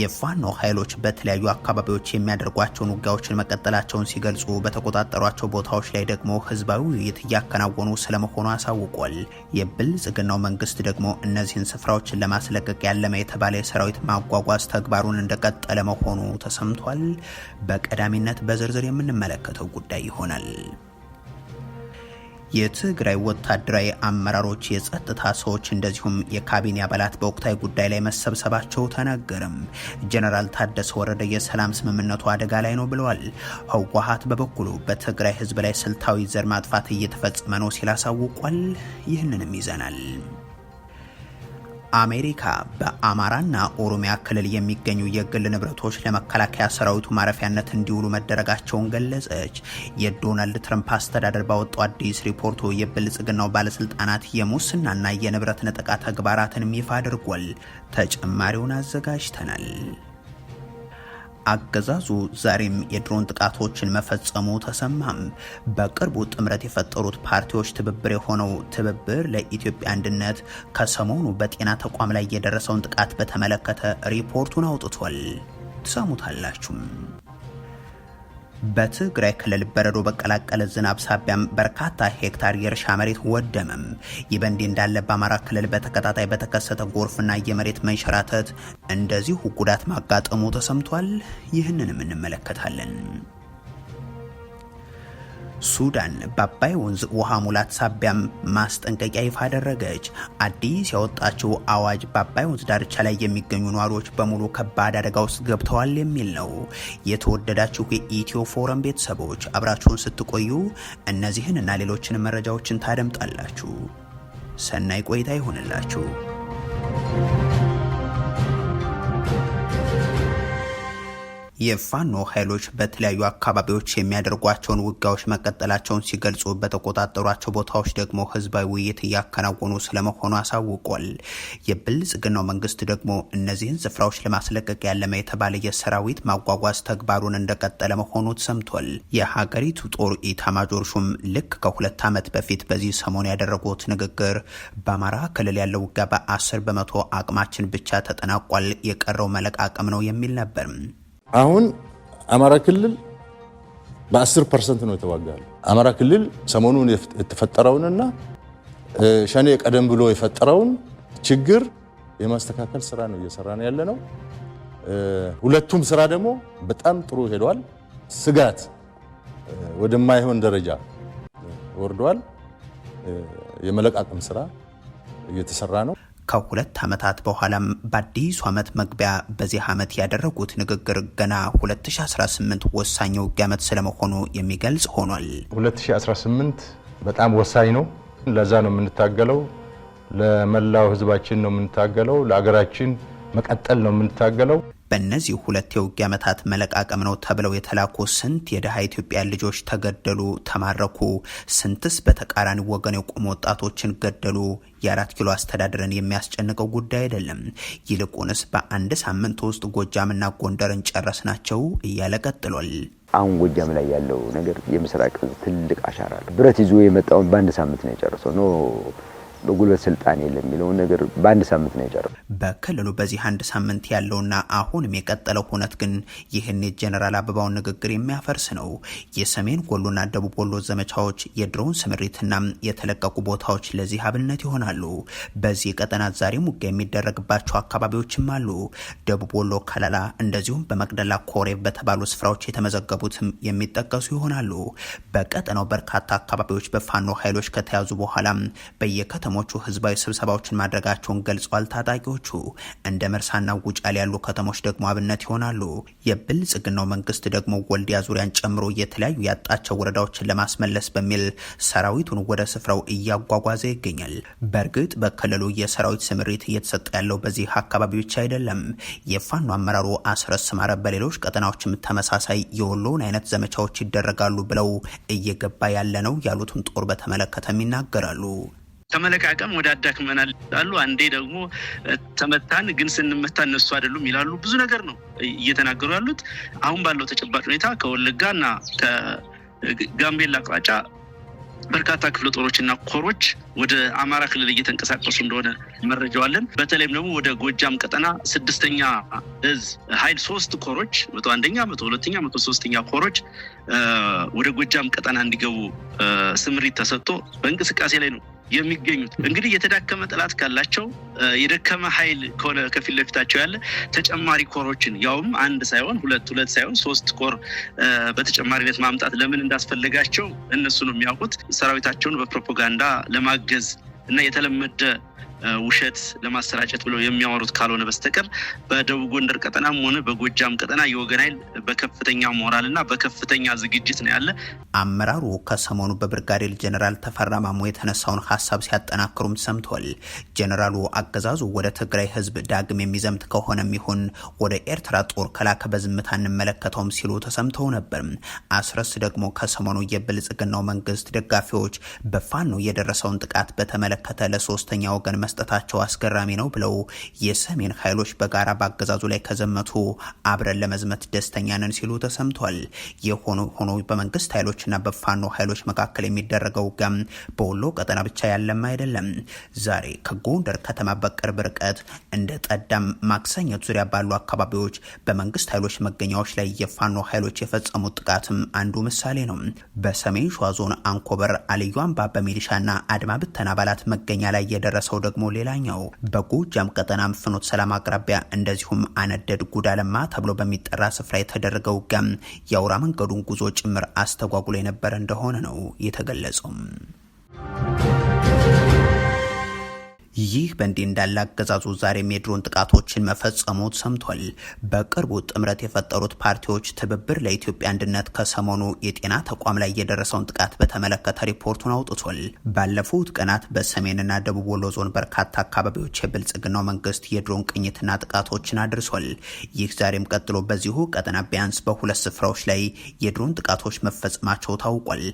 የፋኖ ኃይሎች በተለያዩ አካባቢዎች የሚያደርጓቸውን ውጊያዎችን መቀጠላቸውን ሲገልጹ በተቆጣጠሯቸው ቦታዎች ላይ ደግሞ ህዝባዊ ውይይት እያከናወኑ ስለመሆኑ አሳውቋል። የብልጽግናው መንግስት ደግሞ እነዚህን ስፍራዎችን ለማስለቀቅ ያለመ የተባለ የሰራዊት ማጓጓዝ ተግባሩን እንደቀጠለ መሆኑ ተሰምቷል። በቀዳሚነት በዝርዝር የምንመለከተው ጉዳይ ይሆናል። የትግራይ ወታደራዊ አመራሮች፣ የጸጥታ ሰዎች እንደዚሁም የካቢኔ አባላት በወቅታዊ ጉዳይ ላይ መሰብሰባቸው ተነገርም። ጀነራል ታደሰ ወረደ የሰላም ስምምነቱ አደጋ ላይ ነው ብለዋል። ህወሓት በበኩሉ በትግራይ ህዝብ ላይ ስልታዊ ዘር ማጥፋት እየተፈጸመ ነው ሲል አሳውቋል። ይህንንም ይዘናል። አሜሪካ በአማራና ኦሮሚያ ክልል የሚገኙ የግል ንብረቶች ለመከላከያ ሰራዊቱ ማረፊያነት እንዲውሉ መደረጋቸውን ገለጸች። የዶናልድ ትራምፕ አስተዳደር ባወጣው አዲስ ሪፖርቱ የብልጽግናው ባለስልጣናት የሙስናና የንብረት ነጠቃ ተግባራትንም ይፋ አድርጓል። ተጨማሪውን አዘጋጅተናል። አገዛዙ ዛሬም የድሮን ጥቃቶችን መፈጸሙ ተሰማም። በቅርቡ ጥምረት የፈጠሩት ፓርቲዎች ትብብር የሆነው ትብብር ለኢትዮጵያ አንድነት ከሰሞኑ በጤና ተቋም ላይ የደረሰውን ጥቃት በተመለከተ ሪፖርቱን አውጥቷል። ትሰሙታላችሁም። በትግራይ ክልል በረዶ በቀላቀለ ዝናብ ሳቢያም በርካታ ሄክታር የእርሻ መሬት ወደመም። ይህ በእንዲህ እንዳለ በአማራ ክልል በተከታታይ በተከሰተ ጎርፍና የመሬት መንሸራተት እንደዚሁ ጉዳት ማጋጠሙ ተሰምቷል። ይህንንም እንመለከታለን። ሱዳን በአባይ ወንዝ ውሃ ሙላት ሳቢያም ማስጠንቀቂያ ይፋ አደረገች። አዲስ ያወጣችው አዋጅ በአባይ ወንዝ ዳርቻ ላይ የሚገኙ ነዋሪዎች በሙሉ ከባድ አደጋ ውስጥ ገብተዋል የሚል ነው። የተወደዳችሁ የኢትዮ ፎረም ቤተሰቦች አብራችሁን ስትቆዩ እነዚህን እና ሌሎችን መረጃዎችን ታደምጣላችሁ። ሰናይ ቆይታ ይሆንላችሁ። የፋኖ ኃይሎች በተለያዩ አካባቢዎች የሚያደርጓቸውን ውጊያዎች መቀጠላቸውን ሲገልጹ በተቆጣጠሯቸው ቦታዎች ደግሞ ህዝባዊ ውይይት እያከናወኑ ስለመሆኑ አሳውቋል። የብልጽግናው መንግስት ደግሞ እነዚህን ስፍራዎች ለማስለቀቅ ያለመ የተባለ የሰራዊት ማጓጓዝ ተግባሩን እንደቀጠለ መሆኑ ተሰምቷል። የሀገሪቱ ጦር ኢታማጆር ሹም ልክ ከሁለት ዓመት በፊት በዚህ ሰሞን ያደረጉት ንግግር በአማራ ክልል ያለው ውጊያ በአስር በመቶ አቅማችን ብቻ ተጠናቋል፣ የቀረው መለቃቀም ነው የሚል ነበር። አሁን አማራ ክልል በ10 ፐርሰንት ነው የተዋጋለ። አማራ ክልል ሰሞኑን የተፈጠረውንና ሸኔ ቀደም ብሎ የፈጠረውን ችግር የማስተካከል ስራ ነው እየሰራ ነው ያለ ነው። ሁለቱም ስራ ደግሞ በጣም ጥሩ ሄደዋል። ስጋት ወደማይሆን ደረጃ ወርዷል። የመለቃቅም ስራ እየተሰራ ነው። ከሁለት ዓመታት በኋላም በአዲሱ ዓመት መግቢያ በዚህ ዓመት ያደረጉት ንግግር ገና 2018 ወሳኝ ውጊያ ዓመት ስለመሆኑ የሚገልጽ ሆኗል። 2018 በጣም ወሳኝ ነው። ለዛ ነው የምንታገለው። ለመላው ህዝባችን ነው የምንታገለው። ለአገራችን መቀጠል ነው የምንታገለው። በእነዚህ ሁለት የውጊያ ዓመታት መለቃቀም ነው ተብለው የተላኩ ስንት የድሃ ኢትዮጵያ ልጆች ተገደሉ፣ ተማረኩ? ስንትስ በተቃራኒ ወገን የቆሙ ወጣቶችን ገደሉ? የአራት ኪሎ አስተዳደርን የሚያስጨንቀው ጉዳይ አይደለም። ይልቁንስ በአንድ ሳምንት ውስጥ ጎጃምና ጎንደርን ጨረስ ናቸው እያለ ቀጥሏል። አሁን ጎጃም ላይ ያለው ነገር የምስራቅ ትልቅ አሻራ ብረት ይዞ የመጣውን በአንድ ሳምንት ነው የጨረሰው። በጉልበት ስልጣን የለም የሚለውን ነገር በአንድ ሳምንት ነው የጨረው በክልሉ በዚህ አንድ ሳምንት ያለውና አሁንም የቀጠለው ሁነት ግን ይህን የጀነራል አበባውን ንግግር የሚያፈርስ ነው። የሰሜን ወሎና ደቡብ ወሎ ዘመቻዎች፣ የድሮውን ስምሪትና የተለቀቁ ቦታዎች ለዚህ አብነት ይሆናሉ። በዚህ ቀጠና ዛሬም ውጊያ የሚደረግባቸው አካባቢዎችም አሉ። ደቡብ ወሎ ከለላ፣ እንደዚሁም በመቅደላ ኮሬ በተባሉ ስፍራዎች የተመዘገቡትም የሚጠቀሱ ይሆናሉ። በቀጠናው በርካታ አካባቢዎች በፋኖ ኃይሎች ከተያዙ በኋላ በየከተማ ከተሞቹ ህዝባዊ ስብሰባዎችን ማድረጋቸውን ገልጸዋል። ታጣቂዎቹ እንደ መርሳና ውጫሌ ያሉ ከተሞች ደግሞ አብነት ይሆናሉ። የብልጽግናው መንግስት ደግሞ ወልዲያ ዙሪያን ጨምሮ የተለያዩ ያጣቸው ወረዳዎችን ለማስመለስ በሚል ሰራዊቱን ወደ ስፍራው እያጓጓዘ ይገኛል። በእርግጥ በክልሉ የሰራዊት ስምሪት እየተሰጠ ያለው በዚህ አካባቢ ብቻ አይደለም። የፋኖ አመራሩ አስረስ ማረ በሌሎች ቀጠናዎችም ተመሳሳይ የወሎውን አይነት ዘመቻዎች ይደረጋሉ ብለው እየገባ ያለ ነው ያሉትን ጦር በተመለከተም ይናገራሉ። ከመለቃቀም ወደ አዳክመናል ይላሉ። አንዴ ደግሞ ተመታን፣ ግን ስንመታ እነሱ አይደሉም ይላሉ። ብዙ ነገር ነው እየተናገሩ ያሉት። አሁን ባለው ተጨባጭ ሁኔታ ከወለጋ እና ከጋምቤላ አቅጣጫ በርካታ ክፍለ እና ኮሮች ወደ አማራ ክልል እየተንቀሳቀሱ እንደሆነ መረጃዋለን። በተለይም ደግሞ ወደ ጎጃም ቀጠና ስድስተኛ እዝ ኃይል ሶስት ኮሮች መቶ አንደኛ መቶ ሁለተኛ መቶ ሶስተኛ ኮሮች ወደ ጎጃም ቀጠና እንዲገቡ ስምሪት ተሰጥቶ በእንቅስቃሴ ላይ ነው የሚገኙት እንግዲህ የተዳከመ ጥላት ካላቸው የደከመ ኃይል ከሆነ ከፊት ለፊታቸው ያለ ተጨማሪ ኮሮችን ያውም አንድ ሳይሆን ሁለት ሁለት ሳይሆን ሶስት ኮር በተጨማሪነት ማምጣት ለምን እንዳስፈለጋቸው እነሱ ነው የሚያውቁት። ሰራዊታቸውን በፕሮፓጋንዳ ለማገዝ እና የተለመደ ውሸት ለማሰራጨት ብለው የሚያወሩት ካልሆነ በስተቀር በደቡብ ጎንደር ቀጠናም ሆነ በጎጃም ቀጠና የወገን ኃይል በከፍተኛ ሞራል እና በከፍተኛ ዝግጅት ነው ያለ። አመራሩ ከሰሞኑ በብርጋዴር ጀኔራል ተፈራ ማሞ የተነሳውን ሀሳብ ሲያጠናክሩም ሰምቷል። ጀኔራሉ አገዛዙ ወደ ትግራይ ህዝብ ዳግም የሚዘምት ከሆነም ይሁን ወደ ኤርትራ ጦር ከላከ በዝምታ እንመለከተውም ሲሉ ተሰምተው ነበር። አስረስ ደግሞ ከሰሞኑ የብልጽግናው መንግስት ደጋፊዎች በፋኖ የደረሰውን ጥቃት በተመለ በተመለከተ ለሶስተኛ ወገን መስጠታቸው አስገራሚ ነው ብለው የሰሜን ኃይሎች በጋራ በአገዛዙ ላይ ከዘመቱ አብረን ለመዝመት ደስተኛ ነን ሲሉ ተሰምቷል። የሆኖ ሆኖ በመንግስት ኃይሎችና በፋኖ ኃይሎች መካከል የሚደረገው ውጊያም በወሎ ቀጠና ብቻ ያለም አይደለም። ዛሬ ከጎንደር ከተማ በቅርብ ርቀት እንደ ጠዳም፣ ማክሰኘት ዙሪያ ባሉ አካባቢዎች በመንግስት ኃይሎች መገኛዎች ላይ የፋኖ ኃይሎች የፈጸሙት ጥቃትም አንዱ ምሳሌ ነው። በሰሜን ሸዋ ዞን አንኮበር አልዩ አምባ በሚሊሻና አድማ ብተን አባላት መገኛ ላይ የደረሰው ደግሞ ሌላኛው በጎጃም ቀጠና ፍኖት ሰላም አቅራቢያ እንደዚሁም አነደድ ጉዳለማ ተብሎ በሚጠራ ስፍራ የተደረገው ውጊያም የአውራ መንገዱን ጉዞ ጭምር አስተጓጉሎ የነበረ እንደሆነ ነው የተገለጸው። ይህ በእንዲህ እንዳለ አገዛዙ ዛሬም የድሮን ጥቃቶችን መፈጸሙ ሰምቷል። በቅርቡ ጥምረት የፈጠሩት ፓርቲዎች ትብብር ለኢትዮጵያ አንድነት ከሰሞኑ የጤና ተቋም ላይ የደረሰውን ጥቃት በተመለከተ ሪፖርቱን አውጥቷል። ባለፉት ቀናት በሰሜንና ደቡብ ወሎ ዞን በርካታ አካባቢዎች የብልጽግናው መንግስት የድሮን ቅኝትና ጥቃቶችን አድርሷል። ይህ ዛሬም ቀጥሎ በዚሁ ቀጠና ቢያንስ በሁለት ስፍራዎች ላይ የድሮን ጥቃቶች መፈጸማቸው ታውቋል።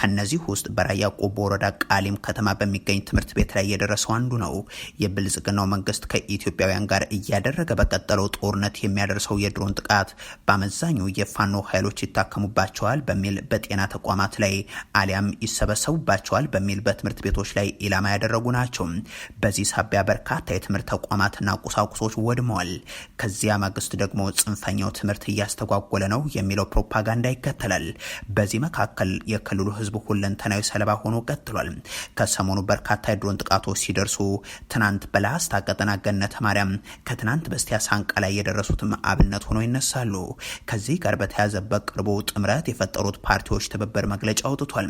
ከነዚህ ውስጥ በራያ ቆቦ ወረዳ ቃሊም ከተማ በሚገኝ ትምህርት ቤት ላይ የደረሰው አንዱ ነው። ነው። የብልጽግናው መንግስት ከኢትዮጵያውያን ጋር እያደረገ በቀጠለው ጦርነት የሚያደርሰው የድሮን ጥቃት በአመዛኙ የፋኖ ኃይሎች ይታከሙባቸዋል በሚል በጤና ተቋማት ላይ አሊያም ይሰበሰቡባቸዋል በሚል በትምህርት ቤቶች ላይ ኢላማ ያደረጉ ናቸው። በዚህ ሳቢያ በርካታ የትምህርት ተቋማትና ቁሳቁሶች ወድመዋል። ከዚያ ማግስት ደግሞ ጽንፈኛው ትምህርት እያስተጓጎለ ነው የሚለው ፕሮፓጋንዳ ይከተላል። በዚህ መካከል የክልሉ ህዝብ ሁለንተናዊ ሰለባ ሆኖ ቀጥሏል። ከሰሞኑ በርካታ የድሮን ጥቃቶች ሲደርሱ ትናንት በላስታ ቀጠና ገነተ ማርያም፣ ከትናንት በስቲያ ሳንቃ ላይ የደረሱትም አብነት ሆነው ይነሳሉ። ከዚህ ጋር በተያያዘ በቅርቡ ጥምረት የፈጠሩት ፓርቲዎች ትብብር መግለጫ አውጥቷል።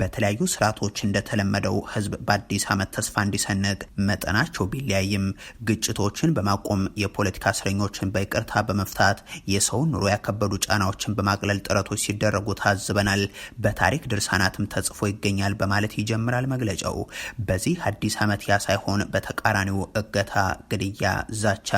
በተለያዩ ስርዓቶች እንደተለመደው ህዝብ በአዲስ ዓመት ተስፋ እንዲሰንቅ መጠናቸው ቢለያይም ግጭቶችን በማቆም የፖለቲካ እስረኞችን በይቅርታ በመፍታት የሰውን ኑሮ ያከበዱ ጫናዎችን በማቅለል ጥረቶች ሲደረጉ ታዝበናል፣ በታሪክ ድርሳናትም ተጽፎ ይገኛል በማለት ይጀምራል መግለጫው። በዚህ አዲስ ዓመት ያሳይ ሳይሆን በተቃራኒው እገታ፣ ግድያ፣ ዛቻ፣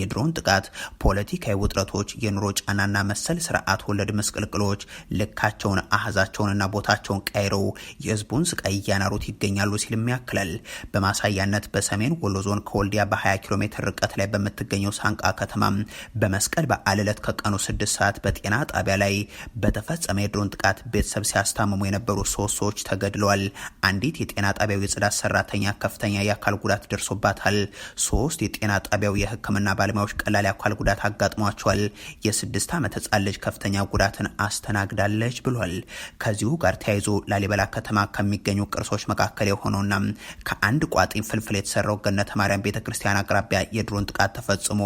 የድሮን ጥቃት፣ ፖለቲካዊ ውጥረቶች፣ የኑሮ ጫናና መሰል ስርዓት ወለድ መስቅልቅሎች ልካቸውን አህዛቸውንና ቦታቸውን ቀይረው የህዝቡን ስቃይ እያናሩት ይገኛሉ ሲልም ያክላል። በማሳያነት በሰሜን ወሎ ዞን ከወልዲያ በ20 ኪሎ ሜትር ርቀት ላይ በምትገኘው ሳንቃ ከተማ በመስቀል በዓል ዕለት ከቀኑ 6 ሰዓት በጤና ጣቢያ ላይ በተፈጸመ የድሮን ጥቃት ቤተሰብ ሲያስታምሙ የነበሩ ሶስት ሰዎች ተገድለዋል። አንዲት የጤና ጣቢያው የጽዳት ሰራተኛ ከፍተኛ ያካል የአካል ጉዳት ደርሶባታል። ሶስት የጤና ጣቢያው የህክምና ባለሙያዎች ቀላል የአካል ጉዳት አጋጥሟቸዋል። የስድስት ዓመት ህጻን ልጅ ከፍተኛ ጉዳትን አስተናግዳለች ብሏል። ከዚሁ ጋር ተያይዞ ላሊበላ ከተማ ከሚገኙ ቅርሶች መካከል የሆነውና ከአንድ ቋጥኝ ፍልፍል የተሰራው ገነተ ማርያም ቤተ ክርስቲያን አቅራቢያ የድሮን ጥቃት ተፈጽሞ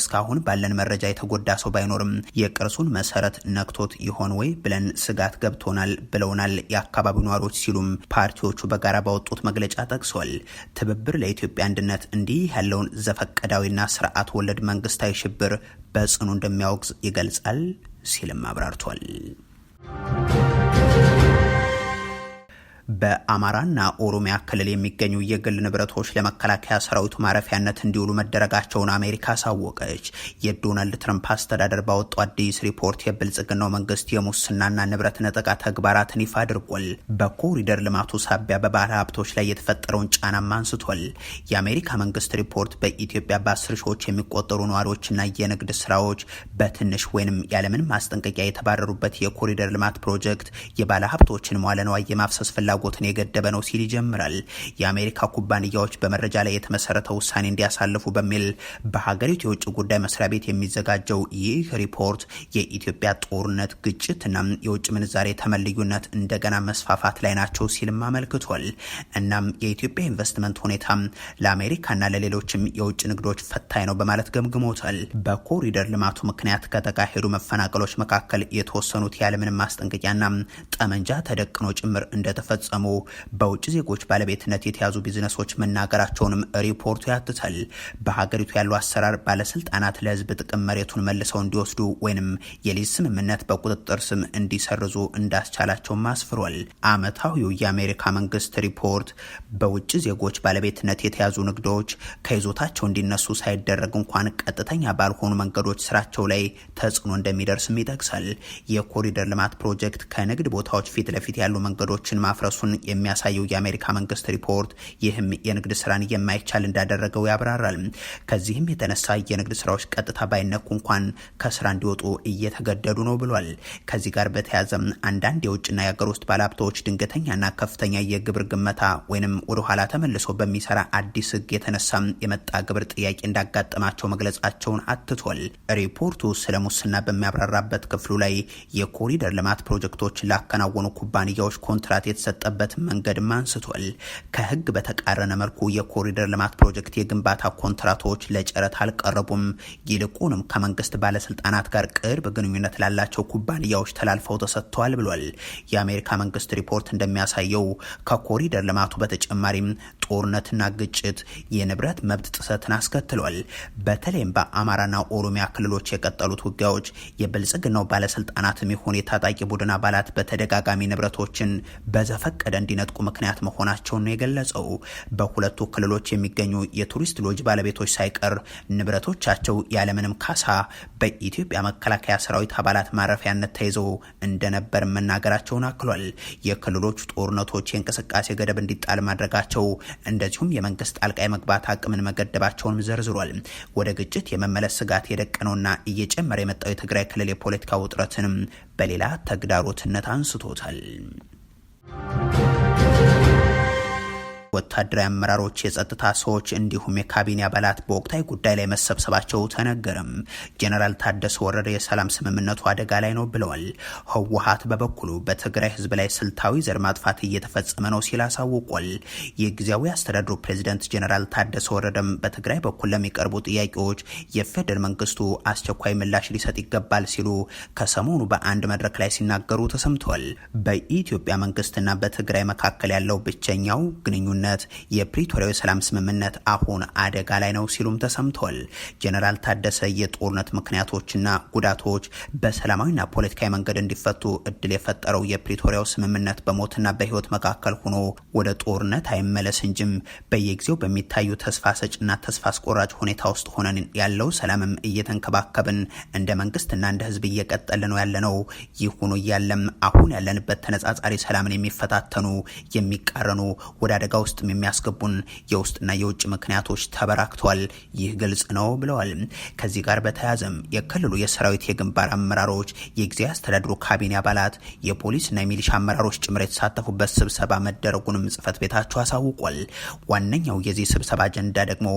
እስካሁን ባለን መረጃ የተጎዳ ሰው ባይኖርም የቅርሱን መሰረት ነክቶት ይሆን ወይ ብለን ስጋት ገብቶናል ብለውናል የአካባቢው ነዋሪዎች ሲሉም ፓርቲዎቹ በጋራ ባወጡት መግለጫ ጠቅሷል። ትብብር ለኢትዮጵያ አንድነት እንዲህ ያለውን ዘፈቀዳዊና ስርዓት ወለድ መንግስታዊ ሽብር በጽኑ እንደሚያወግዝ ይገልጻል ሲልም አብራርቷል። በአማራና ኦሮሚያ ክልል የሚገኙ የግል ንብረቶች ለመከላከያ ሰራዊቱ ማረፊያነት እንዲውሉ መደረጋቸውን አሜሪካ አሳወቀች። የዶናልድ ትራምፕ አስተዳደር ባወጡ አዲስ ሪፖርት የብልጽግናው መንግስት የሙስናና ንብረት ነጠቃ ተግባራትን ይፋ አድርጓል። በኮሪደር ልማቱ ሳቢያ በባለ ሀብቶች ላይ የተፈጠረውን ጫናም አንስቷል። የአሜሪካ መንግስት ሪፖርት በኢትዮጵያ በአስር ሺዎች የሚቆጠሩ ነዋሪዎችና የንግድ ስራዎች በትንሽ ወይንም ያለምን ማስጠንቀቂያ የተባረሩበት የኮሪደር ልማት ፕሮጀክት የባለ ሀብቶችን መዋለ የማፍሰስ ፍላ ፍላጎትን የገደበ ነው ሲል ይጀምራል። የአሜሪካ ኩባንያዎች በመረጃ ላይ የተመሰረተ ውሳኔ እንዲያሳልፉ በሚል በሀገሪቱ የውጭ ጉዳይ መስሪያ ቤት የሚዘጋጀው ይህ ሪፖርት የኢትዮጵያ ጦርነት፣ ግጭትና የውጭ ምንዛሬ ተመልዩነት እንደገና መስፋፋት ላይ ናቸው ሲልም አመልክቷል። እናም የኢትዮጵያ ኢንቨስትመንት ሁኔታ ለአሜሪካና ለሌሎችም የውጭ ንግዶች ፈታኝ ነው በማለት ገምግሞታል። በኮሪደር ልማቱ ምክንያት ከተካሄዱ መፈናቀሎች መካከል የተወሰኑት ያለምንም ማስጠንቀቂያና ጠመንጃ ተደቅኖ ጭምር እንደተፈጸ እንደተፈጸሙ በውጭ ዜጎች ባለቤትነት የተያዙ ቢዝነሶች መናገራቸውንም ሪፖርቱ ያትታል። በሀገሪቱ ያለው አሰራር ባለስልጣናት ለህዝብ ጥቅም መሬቱን መልሰው እንዲወስዱ ወይንም የሊዝ ስምምነት በቁጥጥር ስም እንዲሰርዙ እንዳስቻላቸውም አስፍሯል። አመታዊው የአሜሪካ መንግስት ሪፖርት በውጭ ዜጎች ባለቤትነት የተያዙ ንግዶች ከይዞታቸው እንዲነሱ ሳይደረግ እንኳን ቀጥተኛ ባልሆኑ መንገዶች ስራቸው ላይ ተጽዕኖ እንደሚደርስም ይጠቅሳል። የኮሪደር ልማት ፕሮጀክት ከንግድ ቦታዎች ፊት ለፊት ያሉ መንገዶችን ማፍረሱ መድረሱን የሚያሳየው የአሜሪካ መንግስት ሪፖርት ይህም የንግድ ስራን የማይቻል እንዳደረገው ያብራራል። ከዚህም የተነሳ የንግድ ስራዎች ቀጥታ ባይነኩ እንኳን ከስራ እንዲወጡ እየተገደዱ ነው ብሏል። ከዚህ ጋር በተያያዘም አንዳንድ የውጭና የሀገር ውስጥ ባለሀብቶች ድንገተኛና ከፍተኛ የግብር ግመታ ወይም ወደኋላ ተመልሶ በሚሰራ አዲስ ህግ የተነሳ የመጣ ግብር ጥያቄ እንዳጋጠማቸው መግለጻቸውን አትቷል። ሪፖርቱ ስለ ሙስና በሚያብራራበት ክፍሉ ላይ የኮሪደር ልማት ፕሮጀክቶች ላከናወኑ ኩባንያዎች ኮንትራት የተሰጠ የተሰጠበትን መንገድም አንስቷል። ከህግ በተቃረነ መልኩ የኮሪደር ልማት ፕሮጀክት የግንባታ ኮንትራቶች ለጨረታ አልቀረቡም። ይልቁንም ከመንግስት ባለስልጣናት ጋር ቅርብ ግንኙነት ላላቸው ኩባንያዎች ተላልፈው ተሰጥተዋል ብሏል። የአሜሪካ መንግስት ሪፖርት እንደሚያሳየው ከኮሪደር ልማቱ በተጨማሪም ጦርነትና ግጭት የንብረት መብት ጥሰትን አስከትሏል። በተለይም በአማራና ኦሮሚያ ክልሎች የቀጠሉት ውጊያዎች የብልጽግናው ባለስልጣናትም የሆነ የታጣቂ ቡድን አባላት በተደጋጋሚ ንብረቶችን በዘፈ እየታቀደ እንዲነጥቁ ምክንያት መሆናቸውን ነው የገለጸው። በሁለቱ ክልሎች የሚገኙ የቱሪስት ሎጅ ባለቤቶች ሳይቀር ንብረቶቻቸው ያለምንም ካሳ በኢትዮጵያ መከላከያ ሰራዊት አባላት ማረፊያነት ተይዘው እንደነበር መናገራቸውን አክሏል። የክልሎቹ ጦርነቶች የእንቅስቃሴ ገደብ እንዲጣል ማድረጋቸው እንደዚሁም የመንግስት ጣልቃ የመግባት አቅምን መገደባቸውንም ዘርዝሯል። ወደ ግጭት የመመለስ ስጋት የደቀነውና እየጨመረ የመጣው የትግራይ ክልል የፖለቲካ ውጥረትንም በሌላ ተግዳሮትነት አንስቶታል። ወታደራዊ አመራሮች፣ የጸጥታ ሰዎች እንዲሁም የካቢኔ አባላት በወቅታዊ ጉዳይ ላይ መሰብሰባቸው ተነገረም። ጀነራል ታደሰ ወረደ የሰላም ስምምነቱ አደጋ ላይ ነው ብለዋል። ህወሀት በበኩሉ በትግራይ ህዝብ ላይ ስልታዊ ዘር ማጥፋት እየተፈጸመ ነው ሲል አሳውቋል። የጊዜያዊ አስተዳደሩ ፕሬዚደንት ጀነራል ታደሰ ወረደም በትግራይ በኩል ለሚቀርቡ ጥያቄዎች የፌደራል መንግስቱ አስቸኳይ ምላሽ ሊሰጥ ይገባል ሲሉ ከሰሞኑ በአንድ መድረክ ላይ ሲናገሩ ተሰምተዋል። በኢትዮጵያ መንግስትና በትግራይ መካከል ያለው ብቸኛው ግንኙነት ስምምነት የፕሪቶሪያዊ ሰላም ስምምነት አሁን አደጋ ላይ ነው ሲሉም ተሰምቷል። ጀነራል ታደሰ የጦርነት ምክንያቶችና ጉዳቶች በሰላማዊና ፖለቲካዊ መንገድ እንዲፈቱ እድል የፈጠረው የፕሪቶሪያው ስምምነት በሞትና በህይወት መካከል ሆኖ ወደ ጦርነት አይመለስ እንጂም በየጊዜው በሚታዩ ተስፋ ሰጭና ተስፋ አስቆራጭ ሁኔታ ውስጥ ሆነን ያለው ሰላምም እየተንከባከብን እንደ መንግስትና እንደ ህዝብ እየቀጠል ነው ያለ ነው። ይህ ሆኖ እያለም አሁን ያለንበት ተነጻጻሪ ሰላምን የሚፈታተኑ የሚቃረኑ ወደ አደጋ ውስጥ ውስጥም የሚያስገቡን የውስጥና የውጭ ምክንያቶች ተበራክተዋል። ይህ ግልጽ ነው ብለዋል። ከዚህ ጋር በተያያዘም የክልሉ የሰራዊት የግንባር አመራሮች፣ የጊዜ አስተዳድሩ ካቢኔ አባላት፣ የፖሊስና የሚሊሻ አመራሮች ጭምር የተሳተፉበት ስብሰባ መደረጉንም ጽህፈት ቤታቸው አሳውቋል። ዋነኛው የዚህ ስብሰባ አጀንዳ ደግሞ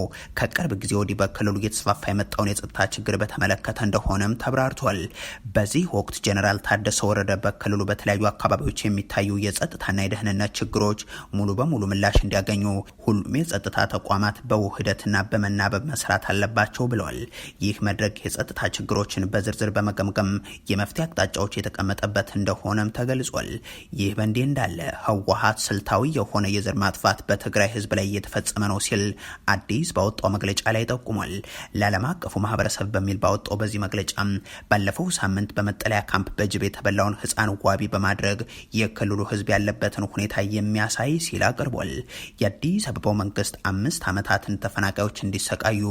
ከቅርብ ጊዜ ወዲህ በክልሉ እየተስፋፋ የመጣውን የጸጥታ ችግር በተመለከተ እንደሆነም ተብራርቷል። በዚህ ወቅት ጀኔራል ታደሰ ወረደ በክልሉ በተለያዩ አካባቢዎች የሚታዩ የጸጥታና የደህንነት ችግሮች ሙሉ በሙሉ ምላሽ እንዲያገኙ ሁሉም የጸጥታ ተቋማት በውህደትና በመናበብ መስራት አለባቸው ብለዋል። ይህ መድረክ የጸጥታ ችግሮችን በዝርዝር በመገምገም የመፍትሄ አቅጣጫዎች የተቀመጠበት እንደሆነም ተገልጿል። ይህ በእንዲህ እንዳለ ህወሓት ስልታዊ የሆነ የዘር ማጥፋት በትግራይ ህዝብ ላይ እየተፈጸመ ነው ሲል አዲስ ባወጣው መግለጫ ላይ ጠቁሟል። ለዓለም አቀፉ ማህበረሰብ በሚል ባወጣው በዚህ መግለጫ ባለፈው ሳምንት በመጠለያ ካምፕ በጅብ የተበላውን ህፃን ዋቢ በማድረግ የክልሉ ህዝብ ያለበትን ሁኔታ የሚያሳይ ሲል አቅርቧል። የአዲስ አበባው መንግስት አምስት ዓመታትን ተፈናቃዮች እንዲሰቃዩ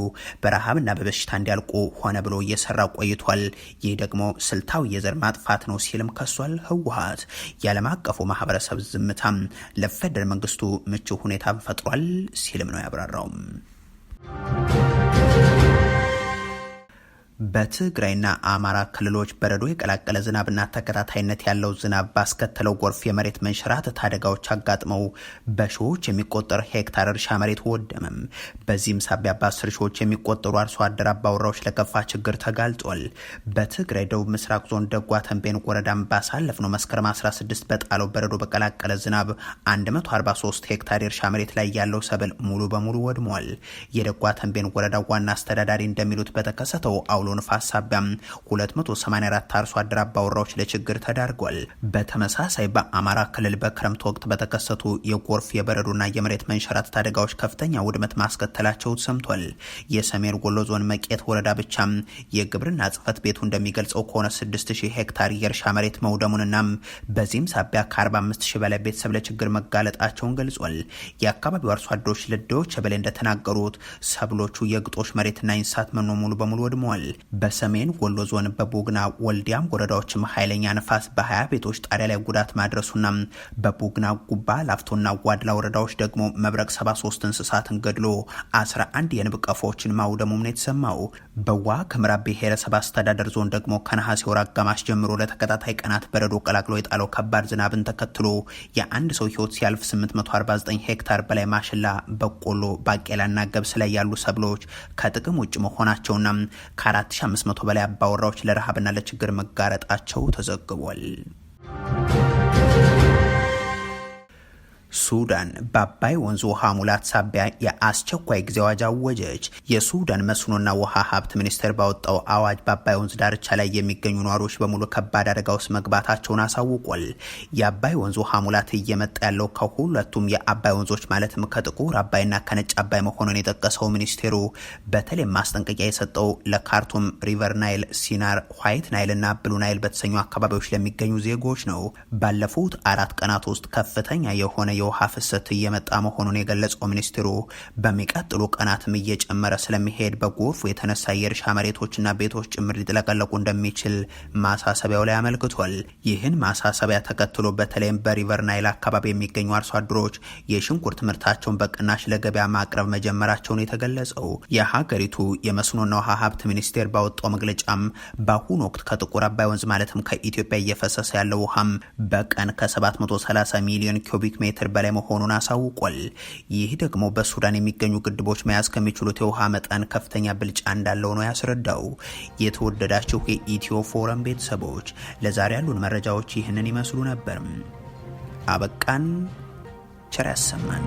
በረሃብና በበሽታ እንዲያልቁ ሆነ ብሎ እየሰራ ቆይቷል። ይህ ደግሞ ስልታዊ የዘር ማጥፋት ነው ሲልም ከሷል። ህወሀት የዓለም አቀፉ ማህበረሰብ ዝምታም ለፌደራል መንግስቱ ምቹ ሁኔታ ፈጥሯል ሲልም ነው ያብራራውም። በትግራይና አማራ ክልሎች በረዶ የቀላቀለ ዝናብና ተከታታይነት ያለው ዝናብ ባስከተለው ጎርፍ የመሬት መንሸራተት አደጋዎች አጋጥመው በሺዎች የሚቆጠር ሄክታር እርሻ መሬት ወደመም። በዚህም ሳቢያ በአስር ሺዎች የሚቆጠሩ አርሶ አደር አባወራዎች ለከፋ ችግር ተጋልጧል። በትግራይ ደቡብ ምስራቅ ዞን ደጓ ተንቤን ወረዳም ባሳለፍነው መስከረም 16 በጣለው በረዶ በቀላቀለ ዝናብ 143 ሄክታር የእርሻ መሬት ላይ ያለው ሰብል ሙሉ በሙሉ ወድሟል። የደጓ ተንቤን ወረዳ ዋና አስተዳዳሪ እንደሚሉት በተከሰተው አውሎ አውሎ ንፋስ ሳቢያ 284 አርሶ አደር አባወራዎች ለችግር ተዳርጓል። በተመሳሳይ በአማራ ክልል በክረምት ወቅት በተከሰቱ የጎርፍ የበረዶና የመሬት መንሸራተት አደጋዎች ከፍተኛ ውድመት ማስከተላቸው ሰምቷል። የሰሜን ወሎ ዞን መቄት ወረዳ ብቻ የግብርና ጽህፈት ቤቱ እንደሚገልጸው ከሆነ 6000 ሄክታር የእርሻ መሬት መውደሙንና በዚህም ሳቢያ ከ45000 በላይ ቤተሰብ ለችግር መጋለጣቸውን ገልጿል። የአካባቢው አርሶ አደሮች ልደዎች በላይ እንደተናገሩት ሰብሎቹ የግጦሽ መሬትና የእንስሳት መኖ ሙሉ በሙሉ ወድመዋል። በሰሜን ወሎ ዞን በቦግና ወልዲያም ወረዳዎችም ኃይለኛ ነፋስ በ20 ቤቶች ጣሪያ ላይ ጉዳት ማድረሱና በቦግና ጉባ ላፍቶና ዋድላ ወረዳዎች ደግሞ መብረቅ 73 እንስሳትን ገድሎ 11 የንብ ቀፎዎችን ማውደሙም ነው የተሰማው። በዋ ከምዕራብ ብሔረሰብ አስተዳደር ዞን ደግሞ ከነሐሴ ወር አጋማሽ ጀምሮ ለተከታታይ ቀናት በረዶ ቀላቅሎ የጣለው ከባድ ዝናብን ተከትሎ የአንድ ሰው ህይወት ሲያልፍ 849 ሄክታር በላይ ማሽላ፣ በቆሎ፣ ባቄላና ገብስ ላይ ያሉ ሰብሎች ከጥቅም ውጭ መሆናቸውና ከአራት 4500 በላይ አባወራዎች ለረሃብና ለችግር መጋረጣቸው ተዘግቧል። ሱዳን በአባይ ወንዝ ውሃ ሙላት ሳቢያ የአስቸኳይ ጊዜ አዋጅ አወጀች። የሱዳን መስኖና ውሃ ሀብት ሚኒስቴር ባወጣው አዋጅ በአባይ ወንዝ ዳርቻ ላይ የሚገኙ ነዋሪዎች በሙሉ ከባድ አደጋ ውስጥ መግባታቸውን አሳውቋል። የአባይ ወንዝ ውሃ ሙላት እየመጣ ያለው ከሁለቱም የአባይ ወንዞች ማለትም ከጥቁር አባይና ከነጭ አባይ መሆኑን የጠቀሰው ሚኒስቴሩ በተለይም ማስጠንቀቂያ የሰጠው ለካርቱም፣ ሪቨር ናይል፣ ሲናር፣ ዋይት ናይልና ብሉ ናይል በተሰኙ አካባቢዎች ለሚገኙ ዜጎች ነው። ባለፉት አራት ቀናት ውስጥ ከፍተኛ የሆነ የውሃ ፍሰት እየመጣ መሆኑን የገለጸው ሚኒስትሩ በሚቀጥሉ ቀናትም እየጨመረ ስለሚሄድ በጎርፉ የተነሳ የእርሻ መሬቶችና ቤቶች ጭምር ሊጥለቀለቁ እንደሚችል ማሳሰቢያው ላይ አመልክቷል። ይህን ማሳሰቢያ ተከትሎ በተለይም በሪቨር ናይል አካባቢ የሚገኙ አርሶ አደሮች የሽንኩርት ምርታቸውን በቅናሽ ለገበያ ማቅረብ መጀመራቸውን የተገለጸው የሀገሪቱ የመስኖና ውሃ ሀብት ሚኒስቴር ባወጣው መግለጫም በአሁኑ ወቅት ከጥቁር አባይ ወንዝ ማለትም ከኢትዮጵያ እየፈሰሰ ያለው ውሃም በቀን ከ730 ሚሊዮን ኪዩቢክ ሜትር ሜትር በላይ መሆኑን አሳውቋል። ይህ ደግሞ በሱዳን የሚገኙ ግድቦች መያዝ ከሚችሉት የውሃ መጠን ከፍተኛ ብልጫ እንዳለው ነው ያስረዳው። የተወደዳችሁ የኢትዮ ፎረም ቤተሰቦች ለዛሬ ያሉን መረጃዎች ይህንን ይመስሉ ነበር። አበቃን። ቸር ያሰማን።